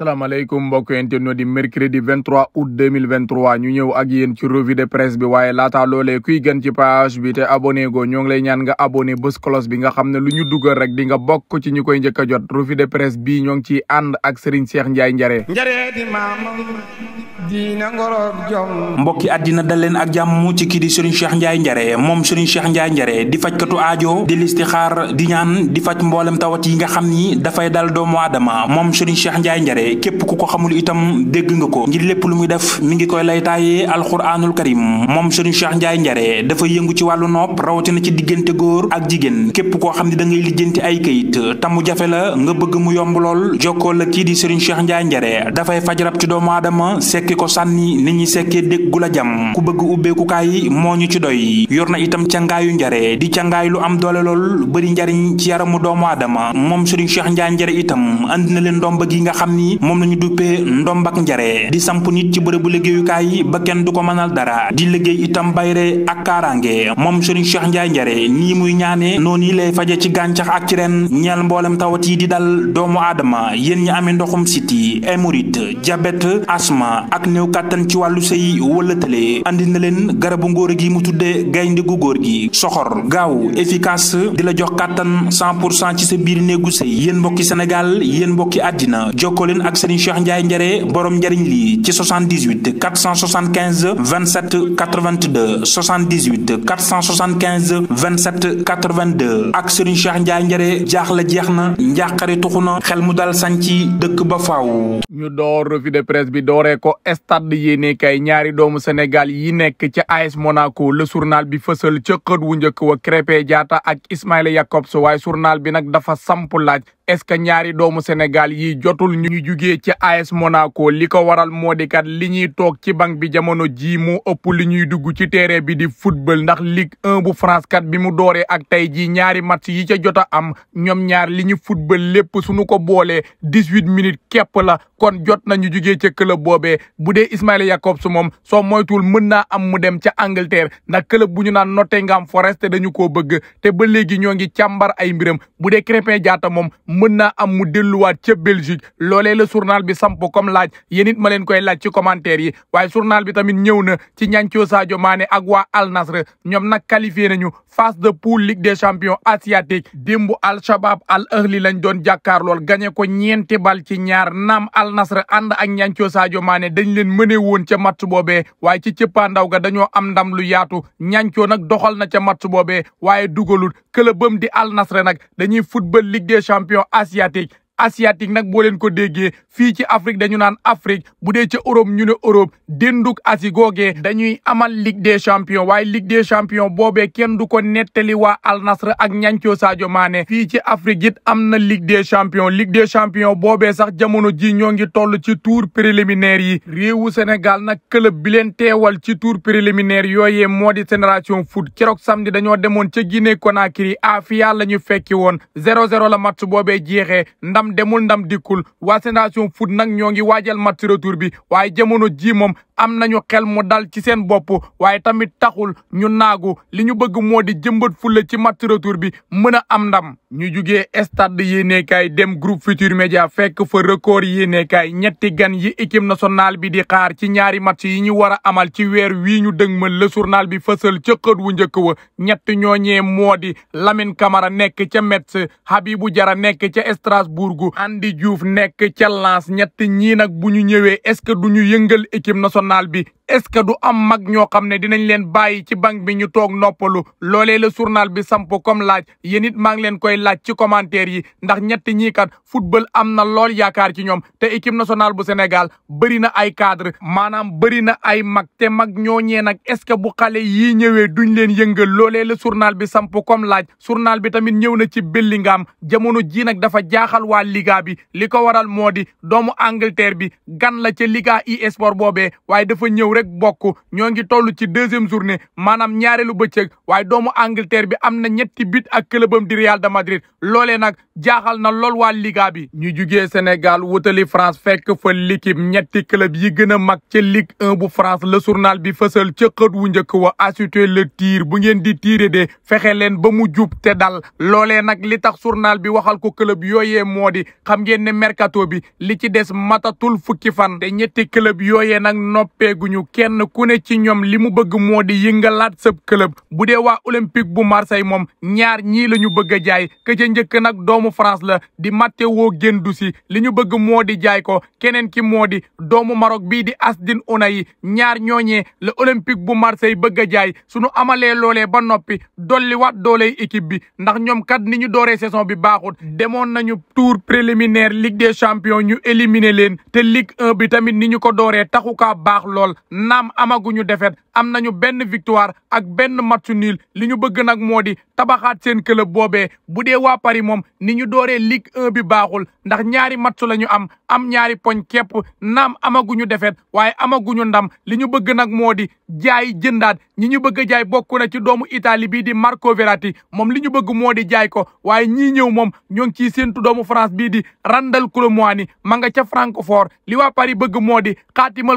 salaamaaleykum mbokk internet di mercredi 23 août 2023 ñu ñëw ak yéen ci revue de presse bi waaye laataa loolee kuy gën ci page bi te abonné go ñoo ngi lay ñaan nga abonné bés cloche bi nga xam ne lu ñu dugal rek di nga bokk ci ñu koy jëkk jot revue de presse bii ñoo ngi ciy ànd ak Serigne Cheikh Ndiaye Njare. Njare di mbokki àddina dal leen ak jàmm ci kii di Serigne Cheikh Ndiaye Njare moom Serigne Cheikh Ndiaye Njare di fajkatu aajo di listixaar di ñaan di faj mboolem tawat yi nga xam ni dafay dal doomu aadama moom Serigne Cheikh Ndiaye képp ku ko xamul itam dégg nga ko ngir lépp lu muy def mi ngi koy lay taayee alxuraanul karim moom Serigne Cheikh Ndiaye Njare dafa yëngu ci wàllu nopp rawatina ci diggante góor ak jigéen képp koo xam ni da ngay lijjanti ay kayit tamu jafe la nga bëgg mu yomb lool jokkoo la kii di Serigne Cheikh Ndiaye Njare dafay faj rab ci doomu aadama sekk sekki ko sànni ni ñuy sekkee dégg gu la jam ku bëgg ubbeekukaay yi moo ñu ci doy yor na itam cangaayu njare di cangaay lu am doole lool bëri njariñ ci yaramu doomu aadama moom Serigne Cheikh Ndiaye njare itam andi na leen ndomba gi nga xam ni moom lañu duppee ndombak njare di samp nit ci bërëbu liggéeyukaay yi ba du ko mënal dara di liggéey itam bayre ak kaaraange moom Serigne Cheikh Ndiaye nii muy ñaane noonu lay faje ci gàncax ak ci ren ñeel mboolem tawat yi di dal doomu aadama yéen ñi amee ndoxum siti hémorroïde diabète asma ak néew kàttan ci wàllu sëy wala tële andi na leen garabu ngóor gi mu tuddee gaynde gu góor gi soxor gaaw efficace di la jox kàttan 100 pour cent ci sa biir néegu sëy yéen mbokki Sénégal yéen mbokki àddina jokkoo leen ak Serigne Cheikh Ndiaye njare borom njariñ lii ci 78 475 27 82 78 475 27 82 ak Serigne Cheikh Ndiaye Ndiare jaax la jeex na njaaxare tuxu na xel mu dal sañ ci dëkk ba faaw. ñu door revue de presse bi dooree ko stade yéene kay ñaari doomu Sénégal yi nekk ca AS Monaco la surnal bi fësal ca xët wu njëkk wa Krépin jaata ak Ismaïla Jakobs waaye journal bi nag dafa samp laaj est-ce que ñaari doomu Sénégal yi jotul ñu jugee ci AS Monaco li ko waral moo di kat li ñuy toog ci banc bi jamono jii moo ëpp li ñuy dugg ci terrain bi di football ndax Ligue 1 bu France kat bi mu dooree ak tey jii ñaari match yi ca jot a am ñoom ñaar li ñu football lépp suñu ko boolee dix-huit minutes képp la kon jot nañu jugee ca club boobee bu dee Ismaila Jakobs moom soo moytuwul mën naa am mu dem ca Angleterre ndax club bu ñu naan Nottingham Forest dañu koo bëgg te ba léegi ñoo ngi càmbar ay mbiram bu dee Krépin jaata moom mën naa am mu delluwaat ca Belgique loolee la journal bi samp comme laaj yéen it ma leen koy laaj ci commentaire yi waaye journal bi tamit ñëw na ci ñancoo Sadio Mané ak waa Al Nassr ñoom nag qualifié nañu phase de poule Ligue des champions asiatique démbu Al Shabab Al Ahli lañ doon jàkkaarlool gagné ko ñeenti bal ci ñaar naam Al Nassr ànd ak ñancoo Sadio Mané dañ lañ leen mëne woon ca match boobee waaye ci ndaw ga dañoo am ndam lu yaatu ñancoo nag doxal na ca match boobee waaye dugalul këlëbam di Al Nassr nag dañuy football ligue des champions asiatique asiatique nag boo leen ko déggee fii ci Afrique dañu naan Afrique bu dee ca Europe ñu ne Europe dénduk asi dañuy amal Ligue des champions waaye Ligue des champions boobee kenn du ko nettali waa Al Nassr ak ñancoo Sadio Mané fii ci Afrique it am na Ligue champion champions Ligue des champions boobee sax jamono ji ñoo ngi toll ci tour préliminaire yi réewu Sénégal nag club bi leen teewal ci tour préliminaire yooyee moo di Génération Foot keroog samedi dañoo demoon ca Guinée Conakry Afia la ñu fekki woon 0-0 la match boobee jeexee ndam demul ndam dikkul waa génération foot nag ñoo ngi waajal match retour bi waaye jamono ji moom am nañu xel mu dal ci seen bopp waaye tamit taxul ñu naagu li ñu bëgg moo di jëmbat fulla ci match retour bi mën a am ndam ñu jugee stade yéenekaay dem groupe future Médias fekk fa record yéenekaay ñetti gan yi équipe nationale bi di xaar ci ñaari match yi ñu war a amal ci weer wii ñu dëgmal la surnale bi fësal ca xët wu njëkk wa ñett ñooñee moo di Lamine Camara nekk ca Metz Habibou Diarra nekk ca Strasbourg Andy Diouf nekk ca Lens ñett ñii nag bu ñu ñëwee est-ce que du yëngal équipe nationale national bi est-ce que du am mag ñoo xam ne dinañ leen bàyyi ci banque bi ñu toog noppalu loolee la journal bi samp comme laaj yéen it maa ngi leen koy laaj ci commentaire yi ndax ñetti ñii kat football am na lool yaakaar ci ñoom te équipe nationale bu Sénégal bëri na ay cadre maanaam bëri na ay mag te mag ñooñee nag est-ce que bu xale yii ñëwee duñ leen yëngal loolee la journal bi samp comme laaj journal bi tamit ñëw na ci Bellingham jamono ji nag dafa jaaxal waa Liga bi li ko waral moo di doomu Angleterre bi gan la ca Liga e-sport rek bokk ñoo ngi toll ci deuxième journée maanaam ñaareelu bëccëg waaye doomu Angleterre bi am na ñetti bit ak clubam di Real de Madrid loolee nag jaaxal na lool wa Liga bi. ñu jugee Sénégal wutali France fekk fa liki ñetti club yi gën a mag ca Ligue bu France le journal bi fësal ca wu njëkk wa assurer le tir bu ngeen di tirer de fexe leen ba mu jub te dal loolee nag li tax journal bi waxal ko club yooyee moo di xam ngeen ne mercato bi li ci des matatul fukki fan te ñetti club yooyee nag noppeeguñu kenn ku ne ci ñoom li mu bëgg moo di yëngalaat sëb club bu dee waa olympique bu marseille moom ñaar ñii la ñu bëgg a jaay ke njëkk nag doomu france la di Matteo Guendouzi li ñu bëgg moo di jaay ko keneen ki moo di doomu Maroc bii di Azzedine Ounahi ñaar ñooñee la olympique bu marseille bëgg a jaay suñu amalee loole ba noppi dolli waat dooley équipe bi ndax ñoom kat ni ñu dooree saison bi baaxut demoon nañu tour préliminaire ligue des champions ñu éliminer leen te ligue 1 bi tamit ni ñu ko dooree taxukaa baax lool naam amaguñu défaite am nañu benn victoire ak benn match nul li ñu bëgg nag moo di tabaxaat seen club boobee bu dee waa Paris moom ni ñu dooree Ligue 1 bi baaxul ndax ñaari match la ñu am am ñaari poñ kepp naam amaguñu défaite waaye amaguñu ndam li ñu bëgg nag moo di jaay jëndaat ñi ñu bëgg a jaay bokk na ci doomu Italie bii di Marco Verratti moom li ñu bëgg moo di jaay ko waaye ñii ñëw moom ñoo ngi ciy séntu doomu France bii di Randal Colomwani ma nga ca Francfort li waa Paris bëgg moo di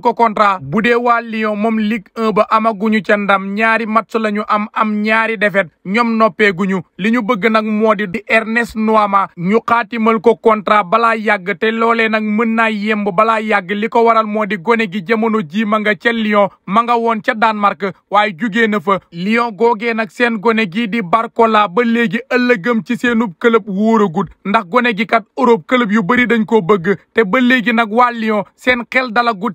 ko contrat waa Lyon moom lig 1 ba amaguñu ca ndam ñaari match la ñu am am ñaari defet ñoom noppeeguñu li ñu bëgg nag moo di di Ernest Noama ñu xaatimal ko contrat balaa yàgg te loolee nag mën naa yemb balaa yàgg li ko waral moo di gone gi jamono ji ma nga ca Lyon ma nga woon ca Danemark waaye jugee na fa lion googe nag seen gone gii di Barcola ba léegi ëllëgam ci seenub club wóoragut ndax gone gi kat Europe club yu bëri dañ koo bëgg te ba léegi nag waa Lyon seen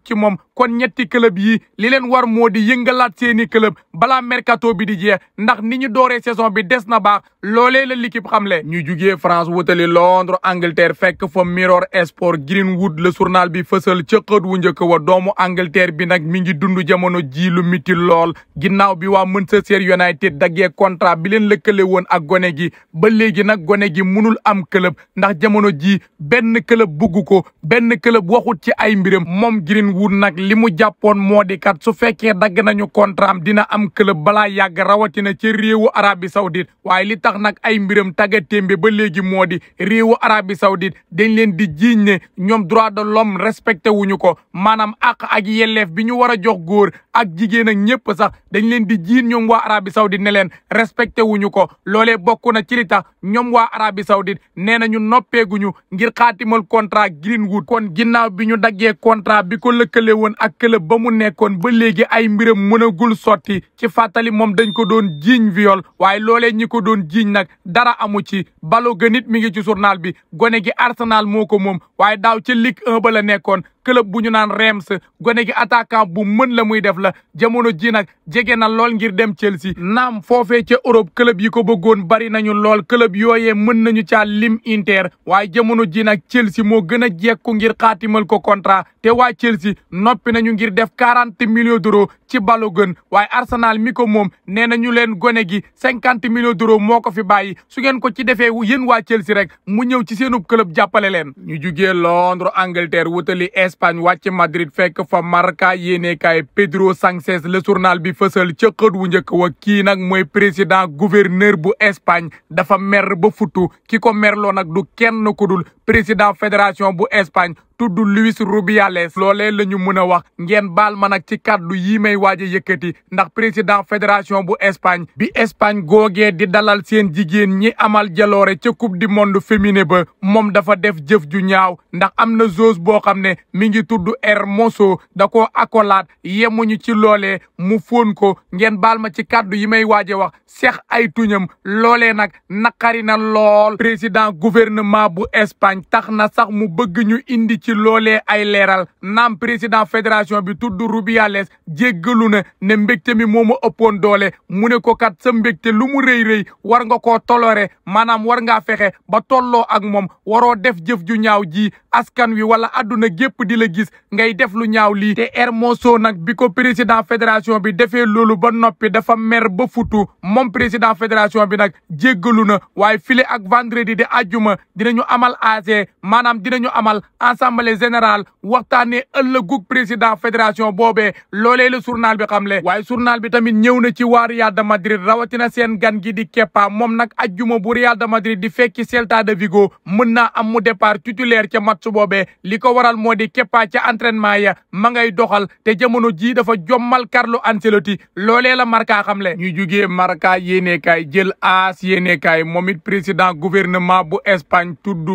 ci moom kon ñetti club yi li leen war moo di yëngalaat seeni club balaa mercato bi di jeex ndax ni ñu dooree saison bi des na baax loole la l'équipe xamle ñu jugee France wutali Londres Angleterre fekk fa Mirror Sport Greenwood la journal bi fësal ca wu njëkk wa doomu Angleterre bi nag mi ngi dund jamono ji lu miti lool ginnaaw bi waa mën Manchester United daggee contrat bi leen lëkkale woon ak gone gi ba léegi nag gone gi mënul am club ndax jamono ji benn club bugg ko benn club waxut ci ay mbiram moom Greenwood nag li mu jàppoon moo di kat su fekkee dagg nañu contrat am dina am club balaa yàgg rawatina ci réewu Arabie Saoudite waaye li tax nag ay mbiram tagga témbe ba léegi moo di réewu Arabie Saoudite dañ leen di jiiñ ne ñoom droit de l'homme respecté wuñu ko maanaam àq ak yelleef bi ñu war a jox góor ak jigéen ak ñëpp sax dañ leen di jiin ñoom waa Arabie Saoudite ne leen respecté wuñu ko loole bokk na ci li tax ñoom waa Arabie Saoudite nee na ñu noppeeguñu ngir xaatimal contrat Greenwood kon ginnaaw bi ñu daggee contrat bi ko lëkkale woon ak club ba mu nekkoon ba léegi ay mbiram mënagul sotti ci fàttali moom dañ ko doon jiiñ viol waaye loole ñi ko doon jiiñ nag dara amu ci balo ganit mi ngi ci journal bi gone gi Arsenal moo ko moom waaye daaw ca Ligue 1 ba la nekkoon club bu ñu naan Reims gone gi attaquant bu mën la muy def la jamono ji nag jege na lool ngir dem Chelsea naam foofee ca Europe club yi ko bëggoon bari nañu lool club yooye mën nañu caa lim Inter waaye jamono ji nag Chelsea moo gën a jekku ngir xaatimal ko contrat te waa Chelsea noppi nañu ngir def quarante millions d'euros ci Balogun waaye Arsenal mi ko moom nee na ñu leen gone gi cinquante millions d'euros moo ko fi bàyyi su ngeen ko ci defee yéen waa Chelsea rek mu ñëw ci seenub club jàppale leen ñu jugee Londres Angleterre wutali Espagne wàcc Madrid fekk fa Marca yéenekaay Pedro Sánchez le journal bi fësal ca xët wu njëkk wa kii nag mooy président gouverneur bu Espagne dafa mer ba futu ki ko merloo nag du kenn ku président fédération bu Espagne tudd Luis Rubiales loole la ñu mën a wax ngeen baal ma nag ci kàddu yi may waaj a yëkkati ndax président fédération bu Espagne bi Espagne googee di dalal seen jigéen ñi amal jaloore ca coupe du monde féminin ba moom dafa def jëf ju ñaaw ndax am na zose boo xam ne mi ngi tudd Hermoso da koo akolaat yemuñu ci loolee mu fóon ko ngeen baal ma ci kàddu yi may waaj a wax seex ay tuñam loole nag naqari na lool président gouvernement bu Espagne tax sax mu bëgg ñu indi ci loolee ay leeral naam président fédération bi tudd Rubiales jéggalu na ne mbégte mi moo ma ëppoon doole mu ne ko kat sa mbégte lu mu rëy rëy war nga koo tolore maanaam war ngaa fexe ba tolloo ak moom waroo def jëf ju ñaaw ji askan wi wala adduna gépp di la gis ngay def lu ñaaw lii te Hermoso nag bi ko président fédération bi defee loolu ba noppi dafa mer ba futu moom président fédération bi nag jéggalu na waaye file ak vendredi di àjjuma dinañu amal AG maanaam dinañu amal assemblée générale waxtaanee ëllëgug président fédération boobee loolee la journal bi xamle waaye journal bi tamit ñëw na ci wa Real de Madrid rawatina seen gan gi di Kepa moom nag ajjuma bu Real de Madrid di fekki Celta de Vigo mën na am mu départ titulaire ca match boobee li ko waral moo di Kepa ca entraînement ya ma ngay doxal te jamono jii dafa jommal Carlo Ancelotti loolee la Marca xamle ñu jugee Marca yéenekaay jël aas yéenekaay moom it président gouvernement bu Espagne tudd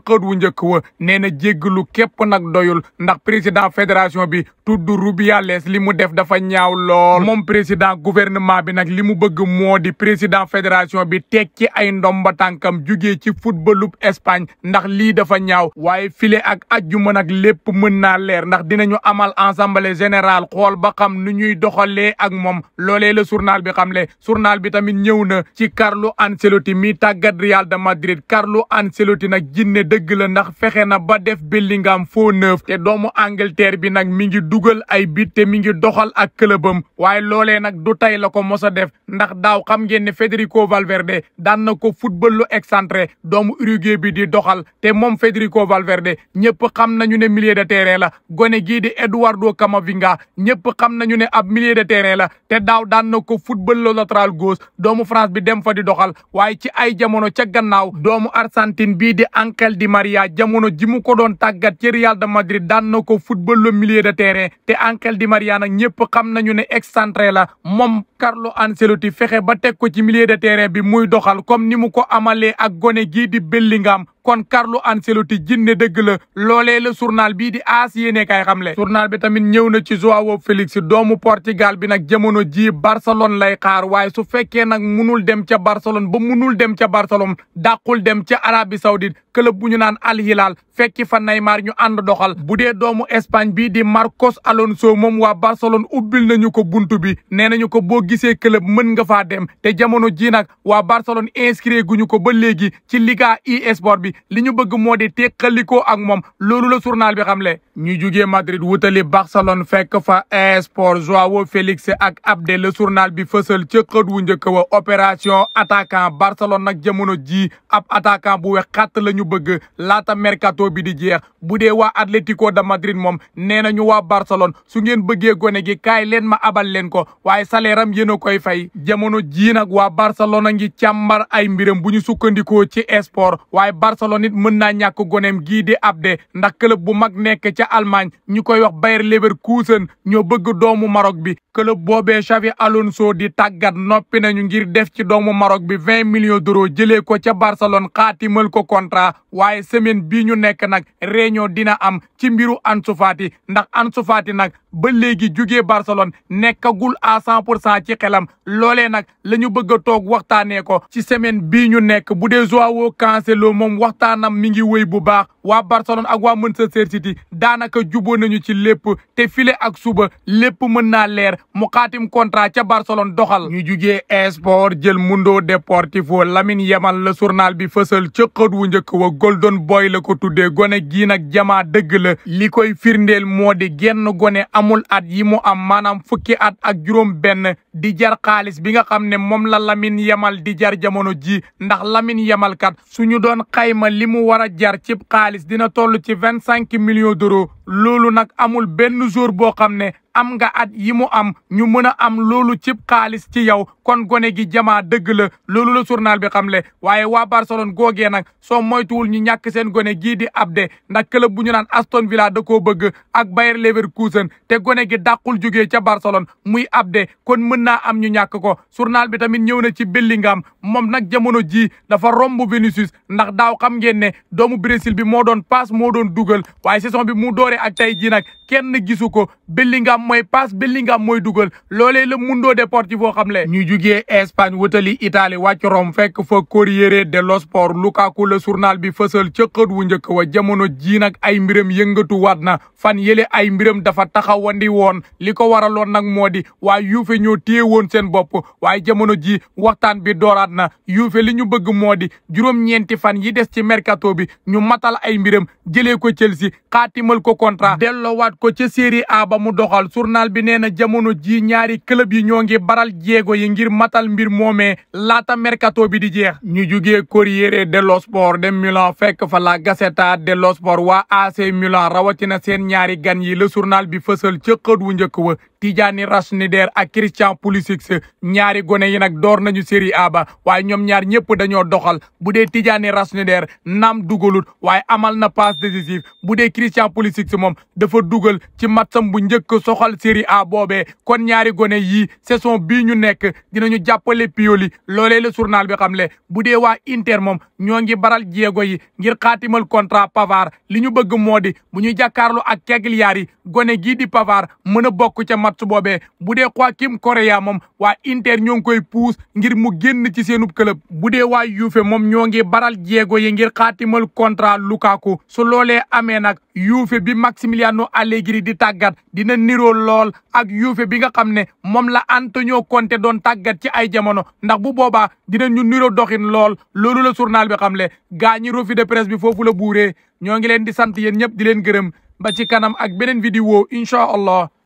xët wu njëkk wa nee na jéggalu képp nag doyul ndax président fédération bi tudd Rubiales li mu def dafa ñaaw lool moom président gouvernement bi nag li mu bëgg moo di président fédération bi tekki ay ndomba tànkam jugee ci footballub Espagne ndax lii dafa ñaaw waaye file ak ajjuma nag lépp mën naa leer ndax dinañu amal assemblée général xool ba xam nu ñuy doxalee ak moom loolee la bi xam xamle journal bi tamit ñëw na ci Carlo Ancelotti mi tàggat Real dëgg la ndax fexe na ba def Bellingham faux neuf te doomu Angleterre bi nag mi ngi dugal ay bit te mi ngi doxal ak këlëbam waaye loolee nag du tey la ko mos a def ndax daaw xam ngeen ne Federico Valverde daan na ko football lu excentré doomu Uruguay bi di doxal te moom Federico Valverde ñëpp xam nañu ne millier de terrain la gone gii di Eduardo Camavinga ñëpp xam nañu ne ab milieu de terrain la te daaw daan na ko football lu latéral gauche doomu France bi dem fa di doxal waaye ca gannaaw di Maria jamono ji mu ko doon tàggat ci Real de Madrid daan na ko football le de terrain te Ángel Di Maria nag ñëpp xam nañu ne excentré la moom Carlo Ancelotti fexe ba teg ko ci milieu de terrain bi muy doxal comme ni mu ko amalee ak gone gii di ngam kon Carlo Ancelotti jinne dëgg la loolee la journal bii di aas yéene kay xamle journal bi tamit ñëw na ci Joao Félix doomu Portugal bi nag jamono ji Barcelone lay xaar waaye su fekkee nag munul dem ca Barcelone ba munul dem ca Barcelone dàqul dem ca Arabie Saoudite club bu ñu naan Al Hilal fekki fa Neymar ñu ànd doxal bu dee doomu Espagne bii di Marcos Alonso moom waa Barcelone ubbil nañu ko buntu bi nee nañu ko boo gisee club mën nga faa dem te jamono ji nag waa Barcelone inscrit guñu ko ba léegi ci Liga bi bi li ñu bëgg moo di teqalikoo ak moom loolu la journal bi xam xamle ñu jugee Madrid wutali Barcelone fekk fa esport Joao Félix ak Abde le journal bi fësal ca xët wu njëkk wa opération attaquant Barcelone nag jamono ji ab attaquant bu wex xatt la ñu bëgg laata mercato bi di jeex bu dee waa Atlético de Madrid moom nee nañu waa Barcelone su ngeen bëggee gone gi kaay leen ma abal leen ko waaye salaire am a koy fay jamono ji nag waa Barcelone a ngi càmbar ay mbiram bu ñu sukkandikoo ci esport Barcelone it mën naa ñàkk goneem gii di Abde ndax club bu mag nekk ca Allemagne ñu koy wax Bayer Leverkusen ñoo bëgg doomu Maroc bi club boobee Xavi Alonso di tàggat noppi nañu ngir def ci doomu Maroc bi vingt millions d'euros jëlee ko ca Barcelone xaatimal ko contrat waaye semaine bii ñu nekk nag réunion dina am ci mbiru Ansu Fati ndax Ansu Fati nag ba léegi jugee Barcelone nekkagul à cent pour cent ci xelam loolee nag la ñu bëgg a toog waxtaanee ko ci semaine bii ñu nekk bu dee waxtaanam mi ngi woy bu baax waa Barcelone ak waa Manchester City daanaka juboo nañu ci lépp te file ak suba lépp mën naa leer mu xaatim contrat ca Barcelone doxal. ñu jugee esport jël Mundo Deportivo Lamine Yamal la journal bi fësal ca wu njëkk wa Golden Boy la ko tuddee gone gii nag jamaa dëgg la li koy firndeel moo di genn gone amul at yi mu am maanaam fukki at ak juróom benn di jar xaalis bi nga xam ne moom la lamin Yamal di jar jamono ji ndax lamin Yamal kat suñu xayma li mu war a jar cib xaalis dina toll ci vingt cinq millions d'euros loolu nag amul benn jour boo xam ne am nga at yi mu am ñu mën a am loolu cib xaalis ci yow kon gone gi jamaa dëgg la loolu la journal bi xam le waaye waa Barcelone googee nag soo moytuwul ñu ñàkk seen gone gii di Abde ndax club bu ñu naan Aston Villa da koo bëgg ak Bayer Leverkusen te gone gi dàqul jóge ca Barcelone muy Abde kon mën naa am ñu ñàkk ko journal bi tamit ñëw na ci Bellingham moom nag jamono jii dafa romb Vinicius ndax daaw xam ngeen ne doomu Brésil bi moo doon passe moo doon dugal waaye saison bi mu dooree ak tey jii nag kenn gisu ko mooy passe Bellingham mooy dugal loolee la Mundo Deportivo xamle ñu jugee Espagne wutali Italie wàcc Rome fekk fa Corriere dello Sport Lukaku la journal bi fësal ca xët wu njëkk wa jamono ji nag ay mbiram yëngatu waat na fan yële ay mbiram dafa taxawandi woon li ko waraloon nag moo di waa Juve ñoo téye woon seen bopp waaye jamono ji waxtaan bi dooraat na Juve li ñu bëgg moo di juróom-ñeenti fan yi des ci mercato bi ñu matal ay mbiram jële ko Chelsea xaatimal ko contrat journal bi nee na jamono ji ñaari club yi ñoo ngi baral jéego yi ngir matal mbir moomee laata mercato bi di jeex ñu jugee Corriere dello Sport dem Milan fekk fa la Gazzetta dello Sport waa AC Milan rawatina seen ñaari gan yi la journal bi fësal ca xët wu njëkk wa Tidjani Rasnider ak Christian Pulisic ñaari gone yi nag door nañu Serie A ba waaye ñoom ñaar ñëpp dañoo doxal bu dee Tidjani Rasnider naam dugalut waaye amal na passe décisive bu dee Christian Pulisic moom dafa dugal ci matsam bu njëkk soxal Serie A boobee kon ñaari gone yii saison bii ñu nekk dinañu jàppale Pioli loolee la journal bi xam le bu dee waa Inter moom ñoo ngi baral jéego yi ngir xaatimal contrat Pavard li ñu bëgg moo di bu ñu jàkkaarloo ak Cagliari gone match boobee bu dee Joaquim Correa moom waa Inter ñoo ngi koy puus ngir mu génn ci seenub club bu dee waa Juve moom ñoo ngi baral jéego yi ngir xaatimal contrat Lukaku su loolee amee nag yuufe bi Maximiliano Allegri di tàggat dina niroo lool ak Juve bi nga xam ne moom la ñoo konte doon tàggat ci ay jamono ndax bu boobaa dina ñu niroo doxin lool loolu la surnal bi xam le gaa ñi rofi de presse bi foofu la buuree ñoo ngi leen di sant yéen ñëpp di leen gërëm ba ci kanam ak beneen vidéo incha allah